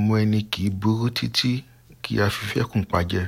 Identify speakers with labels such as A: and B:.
A: ọmọ ẹni kì í burú títí kí a fi fẹkùn pa jẹ